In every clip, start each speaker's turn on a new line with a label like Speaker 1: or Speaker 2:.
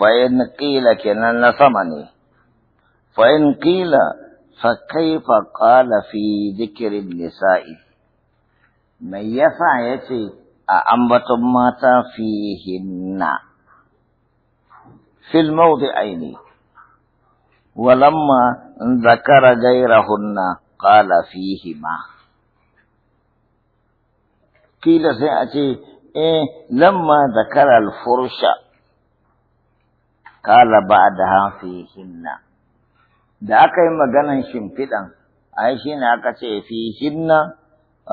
Speaker 1: فإن قيل كنا نصمني فإن قيل فكيف قال في ذكر النساء ما يفع يتي أأنبت مات فيهن في الموضع أيني ولما ذكر غيرهن قال فيهما قيل سيأتي إيه، لما ذكر الفرشة قال بعدها فيهن ذاك يما جنا شمتان هناك شيء فيهن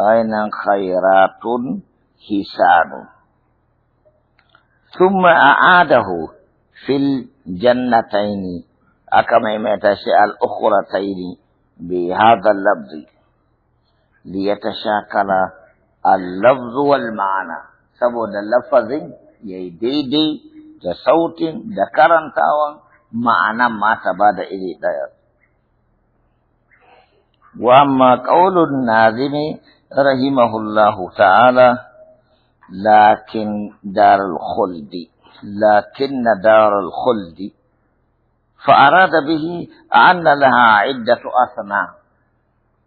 Speaker 1: أين خيرات حسان ثم أعاده في الجنتين أكما يمتش الأخرتين بهذا اللفظ ليتشاكل اللفظ والمعنى saboda lafazin ya daidai da sautin da karantawan ma'anan ma ta ba da iri daya Wa amma qaulun nazimi rahimahullahu ta'ala lakin darul khuldi lakin na darul khuldi فأراد به أن لها عدة أثناء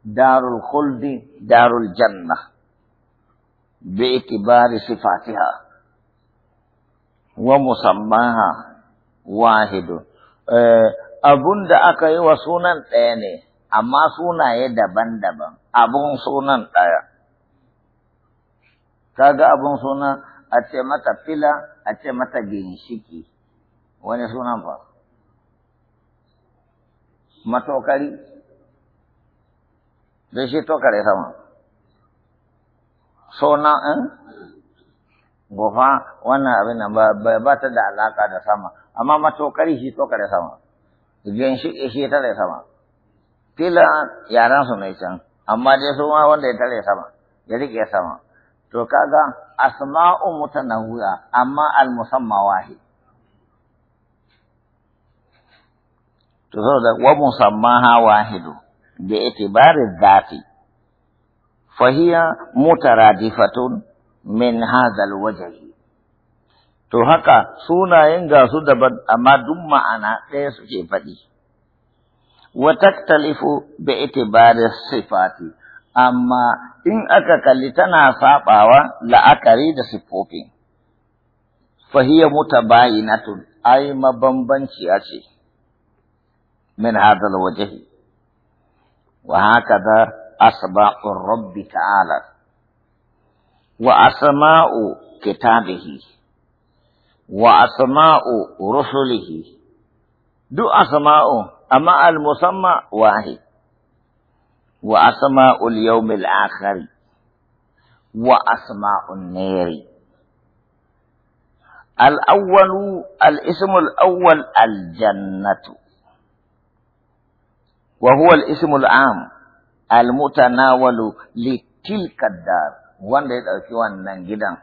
Speaker 1: دار الخلد دار الجنة باعتبار صفاتها ومسماها واحد abun da aka yi wa sunan ɗaya ne amma sunaye daban-daban abun sunan ɗaya kaga abun sunan a ce mata fila a ce mata ginshiki wani sunan fa matokari da shi tokare sama sona eh? gofa wannan abin nan ba ta da alaka da sama amma matokar shi tokar da sama gen shi shi ta da sama yaran su mai can amma dai su ma wanda ya tare sama ya rike sama to kaga asma'u mutanawwi'a amma al-musamma wahid to da wa musammaha wahidu bi itibari dhati fahiya mutaradifatun min hazal wajahi to haka sunayen ga su daban amma duk ma'ana ɗaya suke faɗi wa taktalifu bi itibari sifati amma in aka kalli tana saɓawa la'akari da siffofi fahiya mutabayinatun ai mabambanciya ce min hazal wajahi wa haka أسماء الرب تعالى وأسماء كتابه وأسماء رسله دو أسماء أما المسمى واحد وأسماء اليوم الآخر وأسماء النير الأول الاسم الأول الجنة وهو الاسم العام almutanawalu li tilka dar wanda ya ɗauki wannan gidan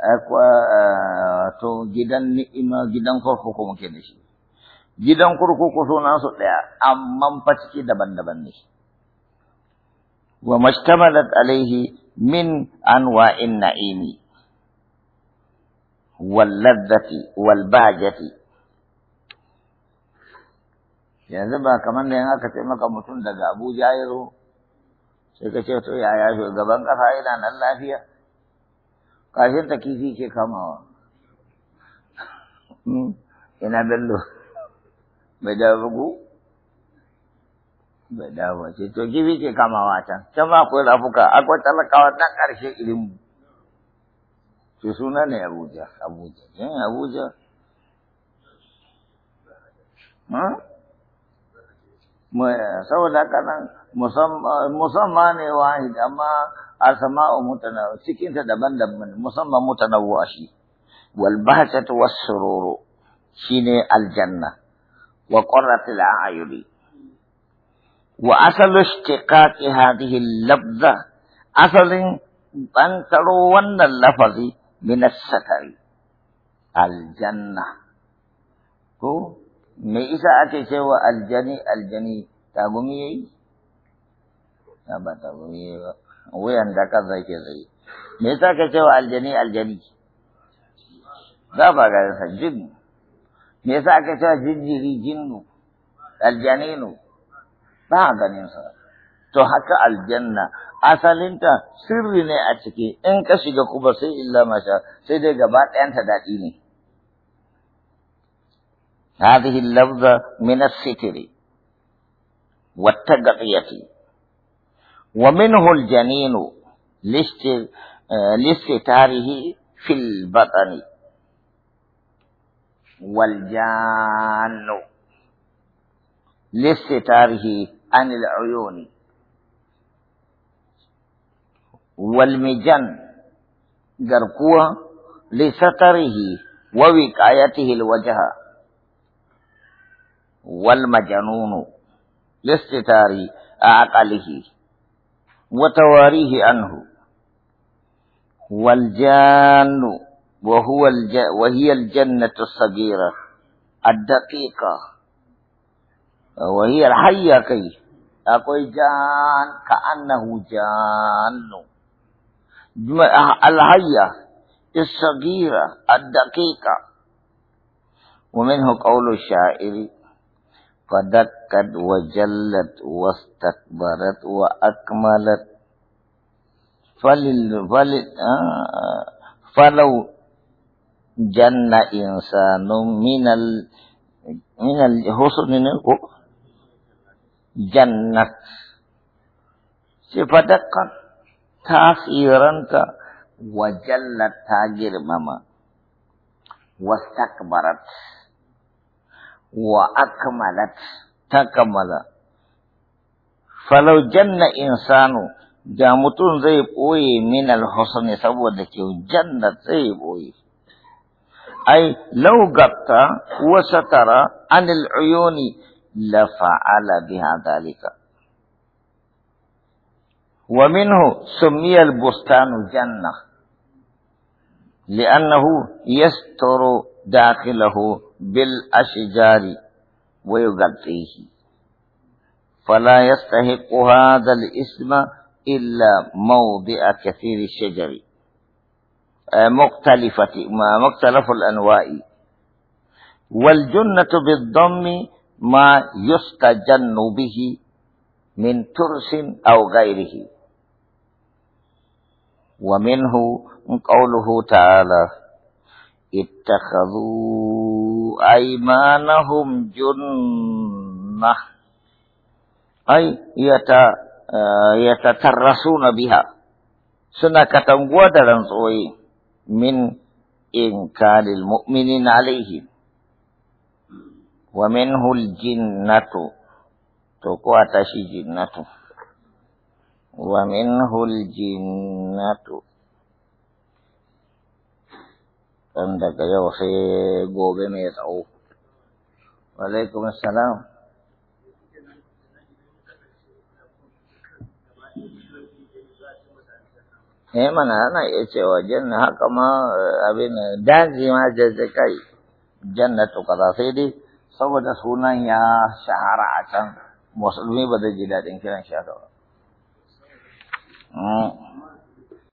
Speaker 1: eh, eh, to gidan ni'ima gidan kurkuku muke da shi gidan kurkuku suna su ɗaya amma fa ciki daban-daban ne wa mashtamalat alaihi min anwa'in na'imi wal ladzati wal bahjati yanzu ba kamar da yin aka ce maka mutum daga abuja ya zo sai ka ce to yaya shugaban ƙasa yana nan lafiya kafin ta kifi ke kamawa hmm, ina bello bai dawo bugu bai dawo ce to kifi ke kamawa can can ba akwai rafuka akwai talakawa na karshe irin su suna ne abuja abuja yan eh, abuja Hmm? saboda haka nan musamman ne wahid amma asma'u mutanawu cikin ta daban-daban musamman mutanawu shi wal bahjatu was sururu shine aljanna wa qurratul a'yuni wa asalu ishtiqaqi hadhihi al-labza asalin bantaro wannan lafazi min as-satari aljanna ko me isa ake cewa aljani aljani tagumi yayi na ba tagumi yayi ba wuyan da ka zai ke zai me isa ake cewa aljani aljani za ba ga sa jin me isa ake cewa jinjiri jinnu nu? ba ganin sa to haka aljanna asalinta sirri ne a ciki in ka shiga kuma sai illa masha sai dai gaba ɗayanta daɗi ne هذه اللفظة من الستر والتغطية ومنه الجنين لاستتاره في البطن والجان لاستتاره عن العيون والمجن قرقوة لستره ووقايته الوجه والمجنون لاستتار عقله وتواريه عنه والجان وهو الج... وهي الجنة الصغيرة الدقيقة وهي الحية كي أقول جان كأنه جان الحية الصغيرة الدقيقة ومنه قول الشاعر فدكت وجلت واستكبرت وأكملت فلل فل آه، فلو جن إنسان من ال من الحسن جنت سفدك تأخيرا وجلت تاجر مما واستكبرت وأكملت تكمل فلو جن إنسان جامتون زي بوي من الحسن سبودك جنة زي بوي أي لو قط وستر عن العيون لفعل بها ذلك ومنه سمي البستان جنة لأنه يستر داخله بالأشجار ويغطيه فلا يستحق هذا الاسم إلا موضع كثير الشجر آه، مختلفة مختلف الأنواع والجنة بالضم ما يستجن به من ترس أو غيره ومنه قوله تعالى اتخذوا أيمانهم جنة أي آه، يتترسون بها سنة ودرا صوي من إنكار المؤمنين عليهم ومنه الجنة تقوى تشي جنة ومنه الجنة dan daga yau sai gobe mai tsawo alaikum assalam Ne eh mana ana iya cewa janna haka ma eh, abin eh, daji ma jajjakai jannatu kaza sai dai saboda sunan ya shahara a can musulmi ba zai ji daɗin kiran shi haka ba. Hmm.